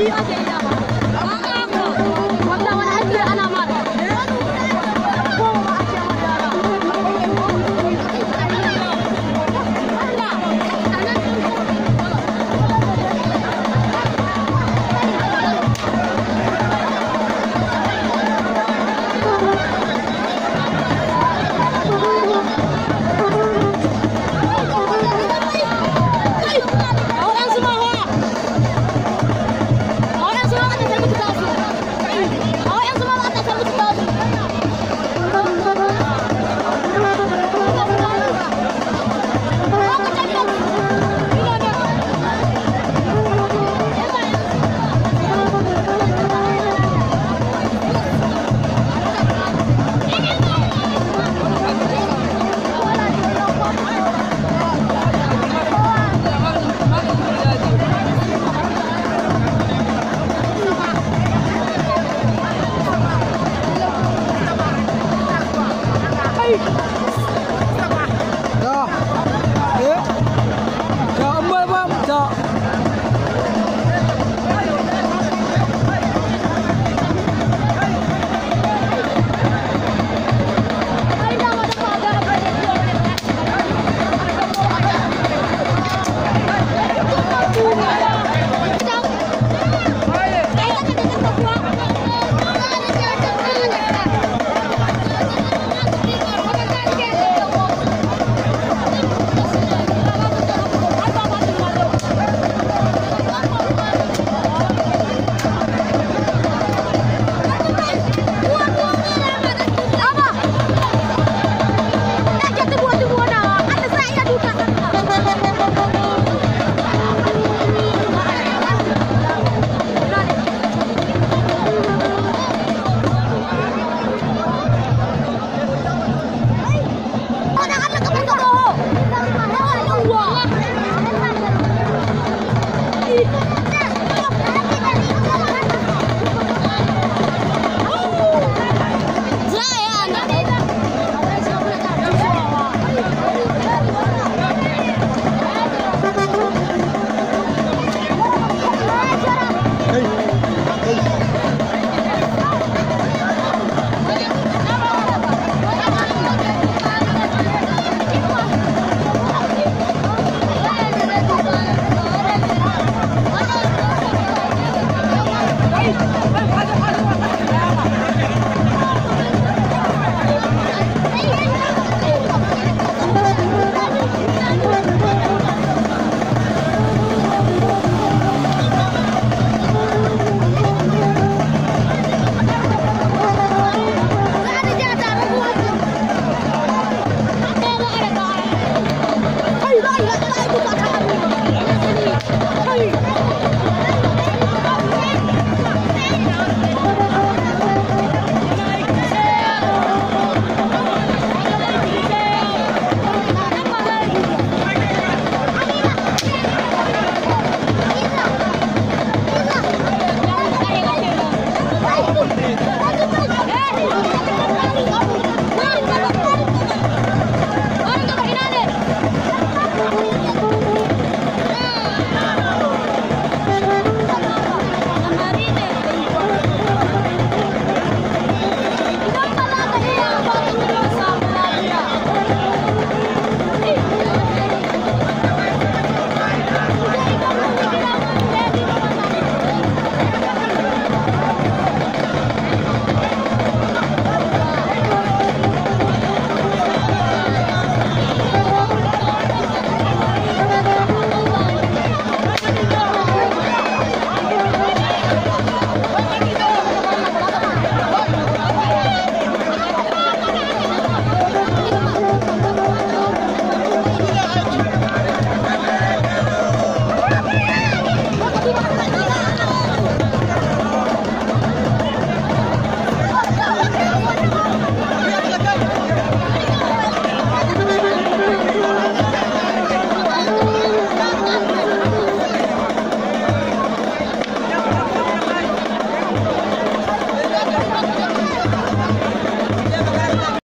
一二三，一二。